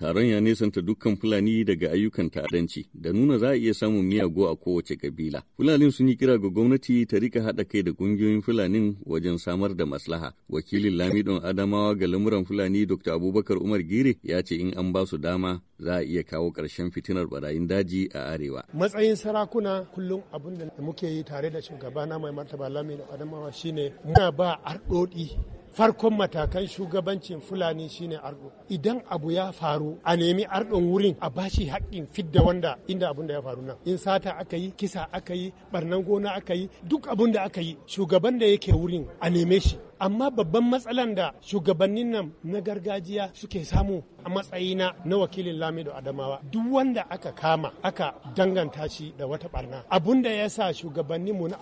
Taron ya nesanta dukkan Fulani daga ayyukan ta'addanci da nuna za a iya samun miyago a kowace kabila. Fulanin sun yi kira ga gwamnati ta rika haɗa kai da kungiyoyin Fulanin wajen samar da maslaha. Wakilin Lamidon Adamawa ga lamuran Fulani Dr. Abubakar Umar Gire ya ce in an ba su dama za a iya kawo karshen fitinar barayin daji a arewa. Matsayin sarakuna kullum abin da muke yi tare da shugabana mai martaba Lamidon Adamawa shine muna ba arɗoɗi farkon matakan shugabancin fulani shine ardo idan abu ya faru a nemi ardon wurin a bashi haƙƙin fidda wanda inda abun da ya faru nan in sata aka yi kisa aka yi barnan gona aka yi duk abun da aka yi shugaban da yake wurin a neme shi amma babban matsalan da shugabannin nan na gargajiya suke samu a matsayina na wakilin lamido adamawa duk wanda aka kama aka danganta shi da wata barna abun da ya sa mu na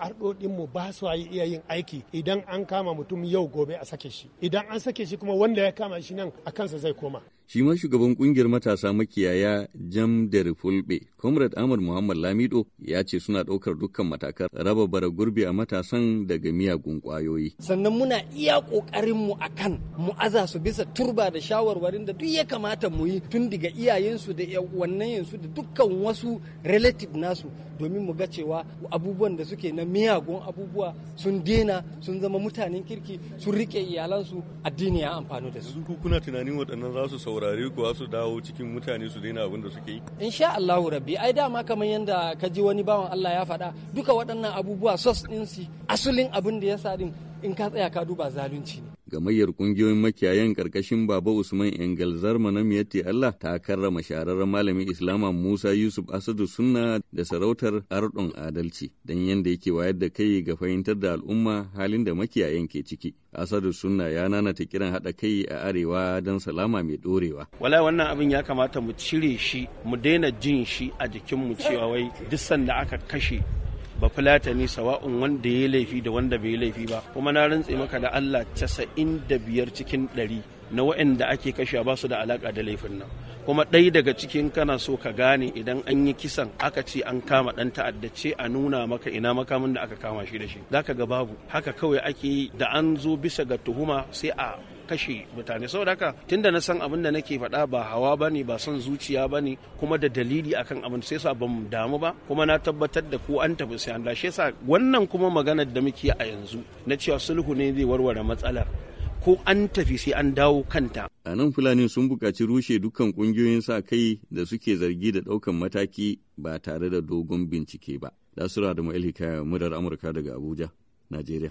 mu ba su iya yin aiki idan an kama mutum yau gobe a sake shi idan an sake shi kuma wanda ya kama shi nan a kansa zai koma Shi ma shugaban kungiyar matasa makiyaya Jam da Fulbe, Comrade Ahmad Muhammad Lamido ya ce suna ɗaukar dukkan matakar raba bara gurbi a matasan daga miyagun kwayoyi. Sannan muna iya ƙoƙarinmu mu akan mu aza su bisa turba da shawarwarin da duk ya kamata mu yi tun daga iyayensu da wannan yansu da dukkan wasu relative nasu domin mu ga cewa abubuwan da suke na miyagun abubuwa sun dena sun zama mutanen kirki sun riƙe iyalansu addini ya amfani da su. Kuna tunanin waɗannan za su saurare kuwa su dawo cikin mutane su daina abin da suke yi insha Allahu rabbi ai dama kamar yanda ka ji wani bawan Allah ya faɗa duka waɗannan abubuwa sos ɗinsu su asulin abin da ya sa din in ka tsaya ka duba zalunci ne Gamayyar ƙungiyoyin makiyayan ƙarƙashin Baba Usman Engel Zarma na Miyatti Allah ta karrama shahararren malamin Islama Musa Yusuf Asadu Sunna da sarautar Ardon Adalci don yadda yake wayar da kai ga fahimtar da al'umma halin da makiyayan ke ciki. Asadu Sunna ya nanata kiran haɗa kai a arewa don salama mai ɗorewa. Wala wannan abin ya kamata mu cire shi mu daina jin shi a jikinmu cewa wai duk sanda aka kashe ba fulatani sawa'un wanda ya laifi da wanda bai laifi ba kuma na rantse maka da Allah casa'in da biyar cikin ɗari na waɗanda ake kashewa ba su da alaƙa da laifin nan kuma ɗaya daga cikin kana so ka gane idan an yi kisan aka ce an kama ɗan ta'adda ce a nuna maka ina makamin da aka kama shi da shi zaka ga babu haka kawai ake yi da an zo bisa ga tuhuma sai a kashe mutane saboda haka tunda na san abin da nake faɗa ba hawa bane ba son zuciya bane kuma da dalili akan abin sai sa bamu damu ba kuma na tabbatar da ko an tafi sai an dashe sa wannan kuma maganar da muke a yanzu na cewa sulhu ne zai warware matsalar ko an tafi sai an dawo kanta. A nan Fulani sun buƙaci rushe dukkan ƙungiyoyin sa kai da suke zargi da ɗaukan mataki ba tare da dogon bincike ba. Nasura da Ma'il Hikaya, murar Amurka daga Abuja, Najeriya.